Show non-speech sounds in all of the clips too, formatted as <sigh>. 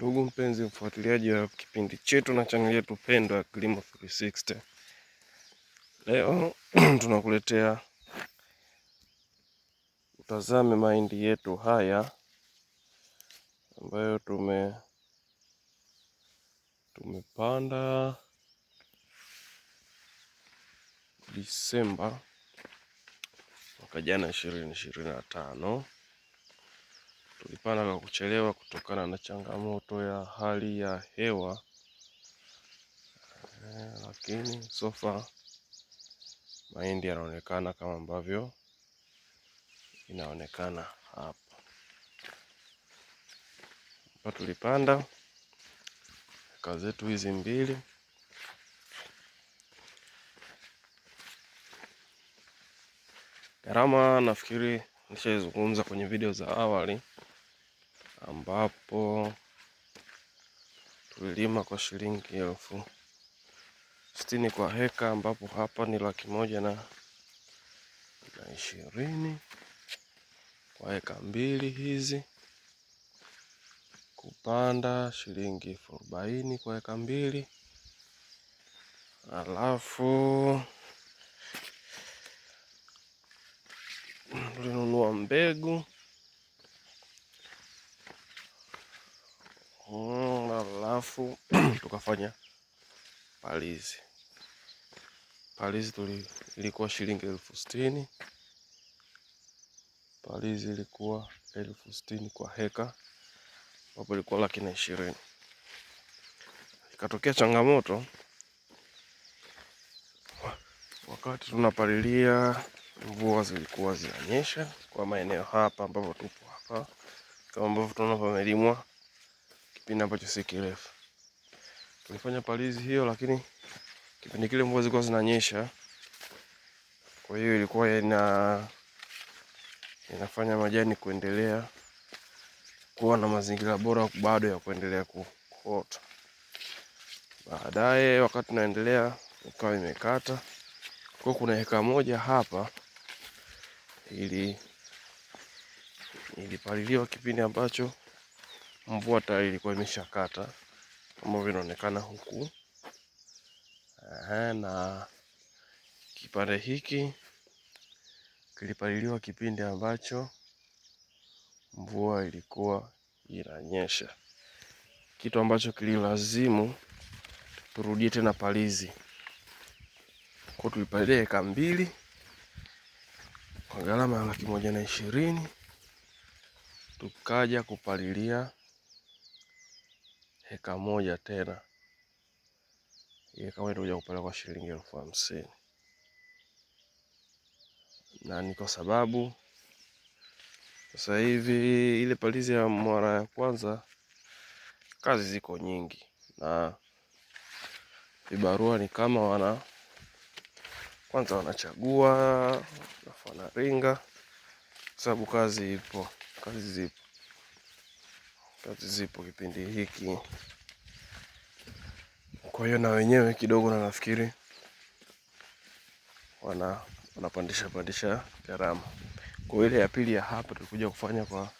Ndugu mpenzi mfuatiliaji wa kipindi chetu na chaneli yetu pendwa ya Kilimo 360. Leo <clears throat> tunakuletea utazame mahindi yetu haya ambayo tume tumepanda Disemba mwaka jana ishirini ishirini na tano. Tulipanda kwa kuchelewa kutokana na changamoto ya hali ya hewa e, lakini sofa mahindi yanaonekana kama ambavyo inaonekana hapa. Hapa tulipanda eka zetu hizi mbili Gharama nafikiri nishazungumza kwenye video za awali ambapo tulilima kwa shilingi elfu sitini kwa heka, ambapo hapa ni laki moja na, na ishirini kwa heka mbili hizi. Kupanda shilingi elfu arobaini kwa heka mbili, alafu tulinunua mbegu alafu <clears throat> tukafanya palizi. Palizi tuli ilikuwa shilingi elfu sitini. Palizi ilikuwa elfu sitini kwa heka, ambapo ilikuwa laki na ishirini. Ikatokea changamoto wakati tunapalilia, mvua zilikuwa zinanyesha kwa maeneo hapa ambapo tupo hapa, kama ambavyo tunaona pamelimwa kipindi ambacho si kirefu. Tulifanya palizi hiyo, lakini kipindi kile mvua zilikuwa zinanyesha, kwa hiyo ilikuwa ina inafanya majani kuendelea kuwa na mazingira bora bado ya kuendelea kuota. Baadaye wakati naendelea ikawa imekata kwa kuna heka moja hapa ili ilipaliliwa kipindi ambacho mvua tayari ilikuwa imeshakata kama inaonekana huku. Aha, na kipande hiki kilipaliliwa kipindi ambacho mvua ilikuwa inanyesha, kitu ambacho kililazimu turudie tena palizi kwa tulipalilia eka mbili kwa gharama ya laki moja na ishirini tukaja kupalilia heka moja tena ile kama itakuja kupeleka kwa shilingi elfu hamsini na ni kwa sababu sasa hivi ile palizi ya mara ya kwanza kazi ziko nyingi, na vibarua ni kama wana kwanza wanachagua alafu wanaringa, kwa sababu kazi ipo, kazi zipo kazi zipo kipindi hiki, kwa hiyo na wenyewe kidogo, na nafikiri wana wanapandisha pandisha gharama. Kwa ile ya pili ya hapa tulikuja kufanya kwa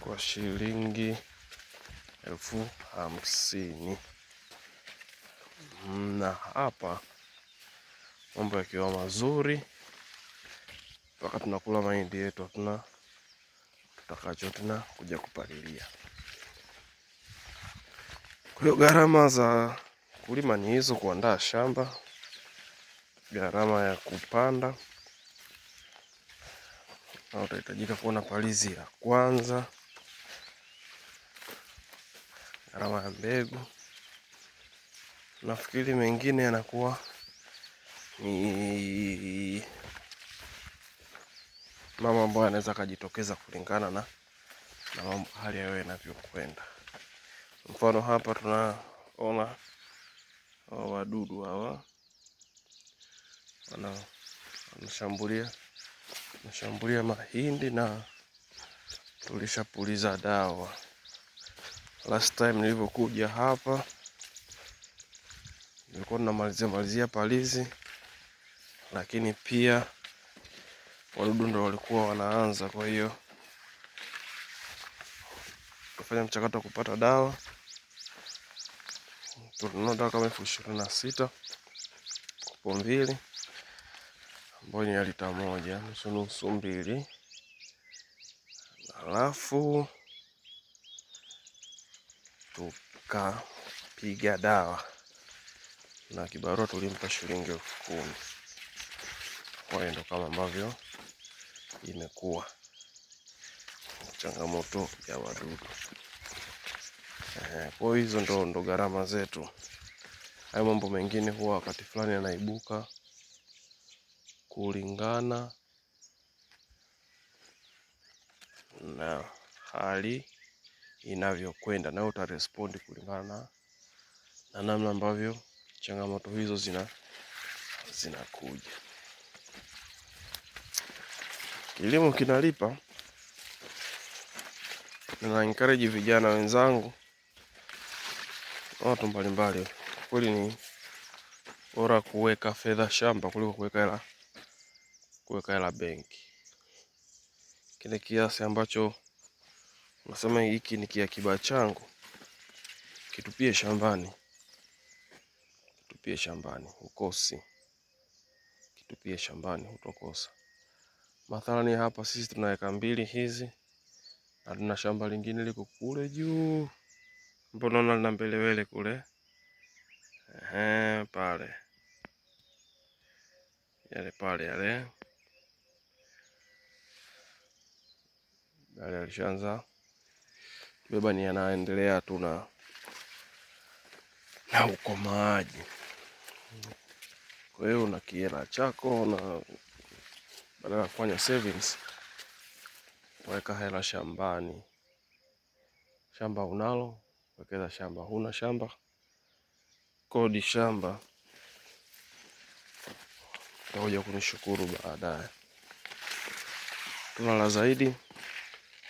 kwa shilingi elfu hamsini na hapa mambo yakiwa mazuri, mpaka tunakula mahindi yetu hatuna tutakacho tuna kuja kupalilia. Kwa hiyo gharama za kulima ni hizo, kuandaa shamba, gharama ya kupanda na utahitajika kuona palizi ya kwanza, gharama ya mbegu. Nafikiri mengine yanakuwa ni mambo ambayo anaweza akajitokeza kulingana na, na mambo hali yao inavyokwenda. Mfano hapa tunaona wadudu hawa wanashambulia wanashambulia mahindi na tulishapuliza dawa last time nilivyokuja hapa, nilikuwa ninamalizia malizia palizi, lakini pia wadudu ndo walikuwa wanaanza. Kwa hiyo kufanya mchakato wa kupata dawa, tunanunua dawa kama elfu ishirini na sita kopo mbili ambayo ni ya lita moja nusu nusu mbili, alafu tukapiga dawa na kibarua tulimpa shilingi elfu kumi. Kwa hiyo ndo kama ambavyo imekuwa changamoto ya wadudu. Kwa hizo ndo, ndo gharama zetu. Hayo mambo mengine huwa wakati fulani yanaibuka kulingana na hali inavyokwenda, nayo utarespondi kulingana na namna ambavyo changamoto hizo zina zinakuja. Kilimo kinalipa. Nina encourage vijana wenzangu, watu mbalimbali, kweli ni bora kuweka fedha shamba kuliko kuweka hela kuweka hela benki. Kile kiasi ambacho unasema hiki ni kiakiba changu, kitupie shambani, kitupie shambani, ukosi kitupie shambani, utokosa. Mathalani hapa sisi tunaweka mbili hizi na tuna shamba lingine liko kule juu ambapo naona lina mbelewele kule. Ehe, pale yale pale yale yale alishaanza kibeba ni anaendelea tu na na ukomaji. Kwa hiyo una kiela chako na badala ya kufanya savings weka hela shambani. Shamba unalo wekeza shamba, huna shamba kodi shamba, utakuja kunishukuru baadaye. Tuna la zaidi,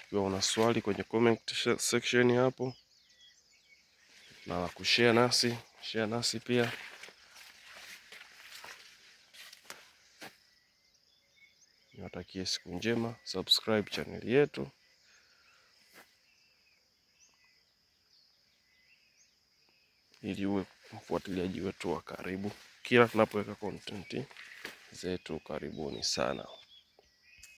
ukiwa una swali kwenye comment section hapo, na la kushare nasi share nasi pia. Niwatakie siku njema, subscribe chaneli yetu. ili uwe mfuatiliaji wetu wa karibu kila tunapoweka content zetu. Karibuni sana.